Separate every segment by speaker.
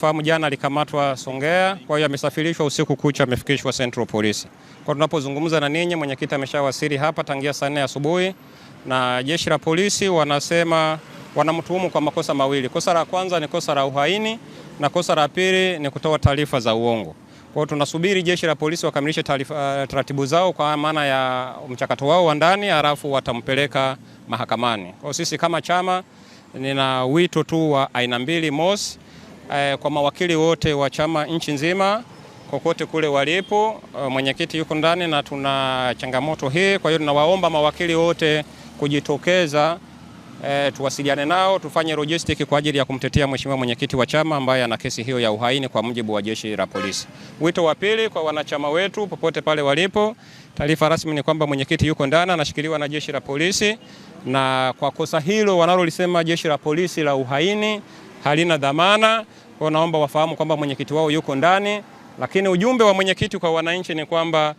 Speaker 1: Fahamu jana alikamatwa Songea, kwa hiyo amesafirishwa usiku kucha, amefikishwa Central Police. Kwa tunapozungumza na ninyi, mwenyekiti ameshawasili hapa tangia saa nne asubuhi, na jeshi la polisi wanasema wanamtuhumu kwa makosa mawili. Kosa la kwanza ni kosa la uhaini na kosa la pili ni kutoa taarifa za uongo. Kwa hiyo tunasubiri jeshi la polisi wakamilishe taarifa, eh, taratibu zao kwa maana ya mchakato wao wa ndani, halafu watampeleka mahakamani. Kwa hiyo sisi kama chama nina wito tu wa aina mbili, mosi eh, kwa mawakili wote wa chama nchi nzima kokote kule walipo. Eh, mwenyekiti yuko ndani na tuna changamoto hii, kwa hiyo tunawaomba mawakili wote kujitokeza e, tuwasiliane nao tufanye logistics kwa ajili ya kumtetea mheshimiwa mwenyekiti wa chama ambaye ana kesi hiyo ya uhaini kwa mujibu wa jeshi la polisi. Wito wa pili kwa wanachama wetu popote pale walipo, taarifa rasmi ni kwamba mwenyekiti yuko ndani anashikiliwa na jeshi la polisi, na kwa kosa hilo wanalolisema jeshi la polisi la uhaini halina dhamana. Kwa naomba wafahamu kwamba mwenyekiti wao yuko ndani, lakini ujumbe wa mwenyekiti kwa wananchi ni kwamba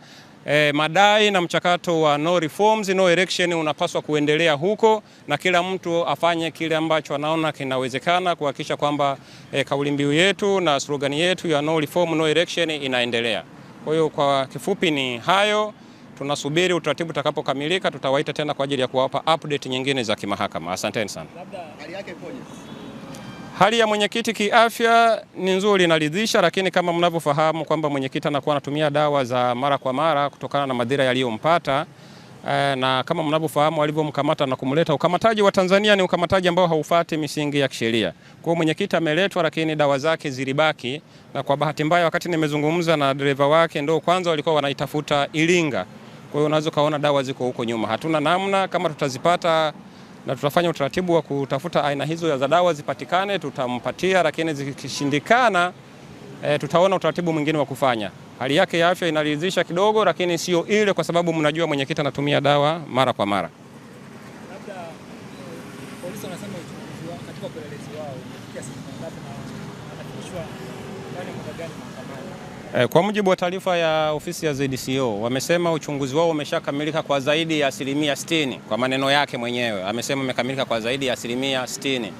Speaker 1: eh, madai na mchakato wa no reforms, no election unapaswa kuendelea huko na kila mtu afanye kile ambacho anaona kinawezekana kuhakikisha kwamba eh, kauli mbiu yetu na slogan yetu ya no reform, no election inaendelea. Kwa hiyo kwa kifupi ni hayo. Tunasubiri utaratibu utakapokamilika, tutawaita tena kwa ajili ya kuwapa update nyingine za kimahakama. Asanteni sana. Labda hali yake ipoje? Hali ya mwenyekiti kiafya ni nzuri, inaridhisha, lakini kama mnavyofahamu kwamba mwenyekiti anakuwa anatumia dawa za mara kwa mara kutokana na madhira yaliyompata eh, na kama mnavyofahamu alivyomkamata na kumleta. Ukamataji wa Tanzania ni ukamataji ambao haufati misingi ya kisheria. Kwa hiyo mwenyekiti ameletwa, lakini dawa zake zilibaki, na kwa bahati mbaya, wakati nimezungumza na dereva wake, ndio kwanza walikuwa wanaitafuta Iringa. Kwa hiyo unaweza kaona dawa ziko huko nyuma. Hatuna namna, kama tutazipata na tutafanya utaratibu wa kutafuta aina hizo za dawa zipatikane, tutampatia, lakini zikishindikana e, tutaona utaratibu mwingine wa kufanya. Hali yake ya afya inaridhisha kidogo, lakini sio ile, kwa sababu mnajua mwenyekiti anatumia dawa mara kwa mara. Eh, kwa mujibu wa taarifa ya ofisi ya ZCO wamesema uchunguzi wao umeshakamilika kwa zaidi ya asilimia 60. Kwa maneno yake mwenyewe amesema umekamilika kwa zaidi ya asilimia 60,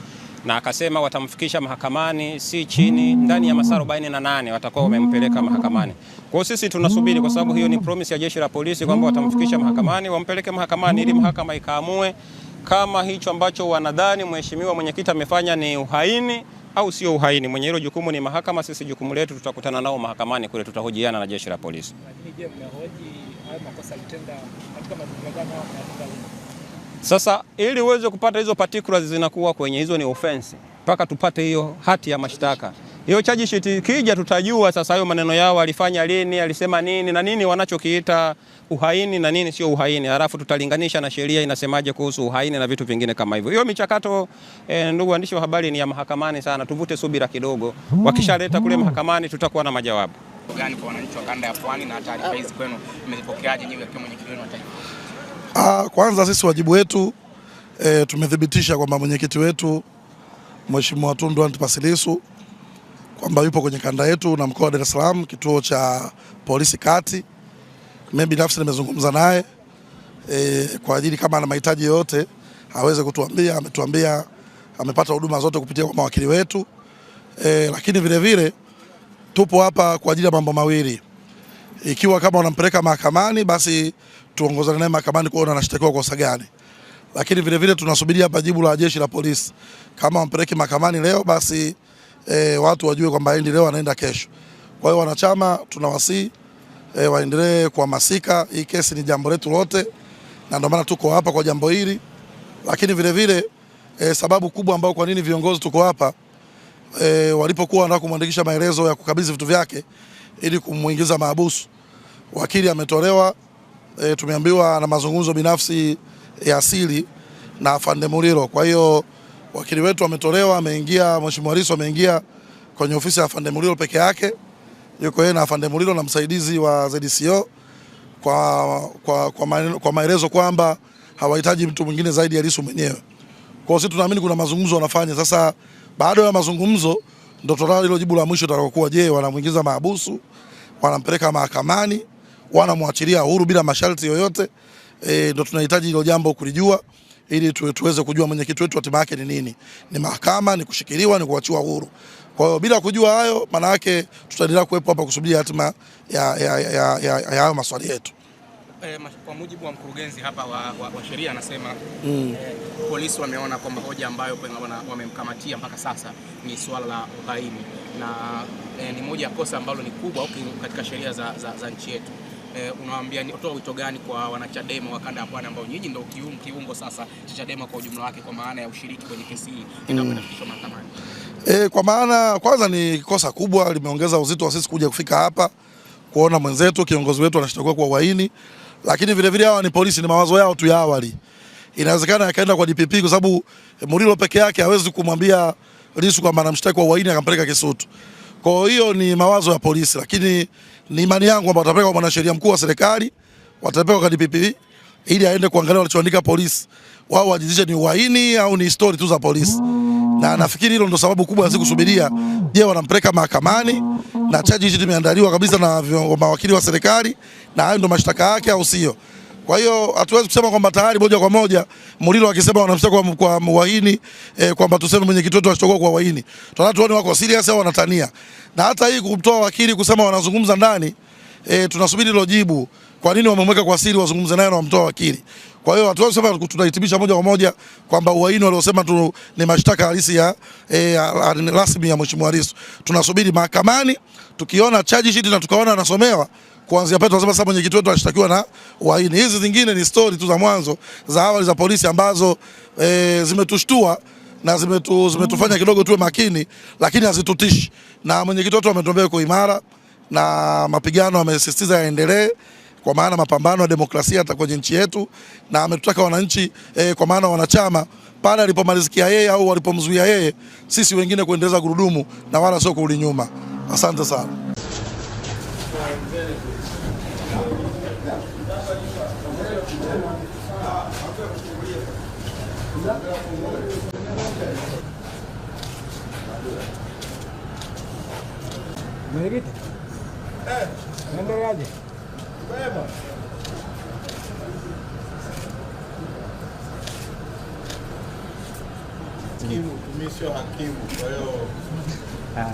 Speaker 1: na akasema watamfikisha mahakamani si chini ndani ya masaa 48 watakuwa wamempeleka mahakamani. Kwa hiyo sisi tunasubiri, kwa sababu hiyo ni promise ya jeshi la polisi kwamba watamfikisha mahakamani, wampeleke mahakamani ili mahakama ikaamue kama hicho ambacho wanadhani mheshimiwa mwenyekiti amefanya ni uhaini au sio uhaini. Mwenye hilo jukumu ni mahakama, sisi jukumu letu tutakutana nao mahakamani kule, tutahojiana na jeshi la polisi. Sasa ili uweze kupata hizo particulars, zinakuwa kwenye hizo ni offense, mpaka tupate hiyo hati ya mashtaka. Hiyo charge sheet ikija, tutajua sasa hayo maneno yao alifanya lini, alisema nini na nini wanachokiita uhaini na nini sio uhaini, halafu tutalinganisha na sheria inasemaje kuhusu uhaini na vitu vingine kama hivyo. Hiyo michakato e, ndugu waandishi wa habari, ni ya mahakamani sana, tuvute subira kidogo. Hmm. Wakishaleta kule mahakamani, tutakuwa na majawabu gani kwa wananchi wa kanda ya Pwani na taarifa hizi kwenu
Speaker 2: mmezipokeaje nyinyi kama mwenyekiti wenu wa taifa? Ah, kwanza sisi wajibu wetu e, tumethibitisha kwamba mwenyekiti wetu Mheshimiwa Tundu Antipas Lissu kwamba yupo kwenye kanda yetu na mkoa wa Dar es Salaam, kituo cha polisi kati. Mimi binafsi nimezungumza naye e, kwa ajili kama ana mahitaji yote aweze kutuambia. Ametuambia amepata huduma zote kupitia kwa mawakili wetu e, lakini vile vile, tupo hapa kwa ajili ya mambo mawili. Ikiwa kama wanampeleka mahakamani, basi tuongozane naye mahakamani kuona anashtakiwa kwa kosa gani, lakini vilevile tunasubiria hapa jibu la jeshi la polisi. Kama wampeleki mahakamani leo, basi e, watu wajue kwamba leo anaenda kesho. Kwa hiyo wanachama tunawasihi e, waendelee kuhamasika. Hii kesi ni jambo letu lote, na ndio maana tuko hapa kwa jambo hili, lakini vile vile e, sababu kubwa ambayo kwa nini viongozi tuko hapa e, walipokuwa wanataka kumwandikisha maelezo ya kukabidhi vitu vyake ili kumuingiza mahabusu, wakili ametolewa. E, tumeambiwa na mazungumzo binafsi ya asili na afande Muliro, kwa hiyo wakili wetu ametolewa, ameingia Mheshimiwa Lissu ameingia kwenye ofisi ya afande Mulilo peke yake, yuko yeye na afande Mulilo na msaidizi wa ZCO kwa, kwa, kwa, kwa maelezo kwamba hawahitaji mtu mwingine zaidi ya Lissu mwenyewe. Kwa sisi tunaamini kuna mazungumzo wanafanya sasa. Baada ya mazungumzo ndio tutatoa hilo jibu la mwisho litakayokuwa, je, wanamwingiza mahabusu, wanampeleka mahakamani, wanamwachilia huru bila masharti yoyote? E, eh, ndio tunahitaji hilo jambo kulijua ili tuweze kujua mwenyekiti wetu hatima yake ni nini, ni mahakama, ni kushikiliwa, ni kuachiwa huru. Kwa hiyo bila kujua hayo, maana yake tutaendelea kuwepo hapa kusubiri hatima ya hayo maswali yetu.
Speaker 3: E, kwa mujibu wa mkurugenzi hapa wa, wa, wa sheria anasema mm. E, polisi wameona kwamba hoja ambayo wamemkamatia mpaka sasa ni swala la uhaini na e, ni moja ya kosa ambalo ni kubwa katika sheria za, za, za nchi yetu eh, unawaambia ni utoa wito gani kwa wanachadema wa kanda ya Pwani ambao nyinyi ndio kiungo, kiungo sasa cha Chadema kwa ujumla wake kwa maana ya ushiriki kwenye kesi hii itakayofikishwa mm. mahakamani?
Speaker 2: E, kwa maana kwanza ni kosa kubwa, limeongeza uzito wa sisi kuja kufika hapa kuona mwenzetu kiongozi wetu anashtakiwa kwa uhaini, lakini vile vile hawa ni polisi, ni mawazo yao tu ya awali. Inawezekana yakaenda kwa DPP kwa sababu eh, Murilo peke yake hawezi kumwambia Lissu kwamba anamshtaki kwa uhaini akampeleka Kisutu. Kwa hiyo ni mawazo ya polisi, lakini ni imani yangu kwamba watapeleka kwa mwanasheria mkuu wa serikali, watapeleka kwa DPP ili aende kuangalia walichoandika polisi, wao wajizishe ni uhaini au ni story tu za polisi, na nafikiri hilo ndo sababu kubwa ya kusubiria Je, wanampeleka mahakamani na charge hizi zimeandaliwa kabisa na mawakili wa serikali, na hayo ndo mashtaka yake, au sio? Kwa hiyo hatuwezi kusema kwamba tayari moja kwa moja Murilo akisema wanamshtaki kwa, kwa uhaini eh, kwamba tuseme mwenyekiti wetu anashtakiwa kwa uhaini. Tunataka tuone wako serious au wanatania. Na hata hii kumtoa wakili kusema wanazungumza ndani eh, tunasubiri hilo jibu. Kwa nini wamemweka kwa siri wazungumze naye na wamtoa wakili? Kwa hiyo hatuwezi kusema tunahitimisha moja kwa moja kwamba uhaini waliosema tu ni mashtaka halisi ya eh, rasmi ya Mheshimiwa Lissu. Tunasubiri mahakamani tukiona charge sheet na tukaona anasomewa kuanzia pale tunasema sasa mwenyekiti wetu alishtakiwa na uhaini. Hizi zingine ni story tu za mwanzo za awali za polisi ambazo e, zimetushtua na zimetu, zimetufanya kidogo tuwe makini, lakini hazitutishi, na mwenyekiti wetu ametuambia yuko imara na mapigano amesisitiza yaendelee kwa maana mapambano ya demokrasia hata kwenye nchi yetu, na ametutaka wananchi e, kwa maana wanachama pale alipomalizikia yeye au walipomzuia yeye, sisi wengine kuendeleza gurudumu na wala sio kurudi nyuma. Asante sana. Mwenyekiti, eh. naendeleaje? Mimi sio hakimu, kwa hiyo ah,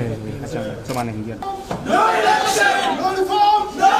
Speaker 2: eh, No election! No reform! No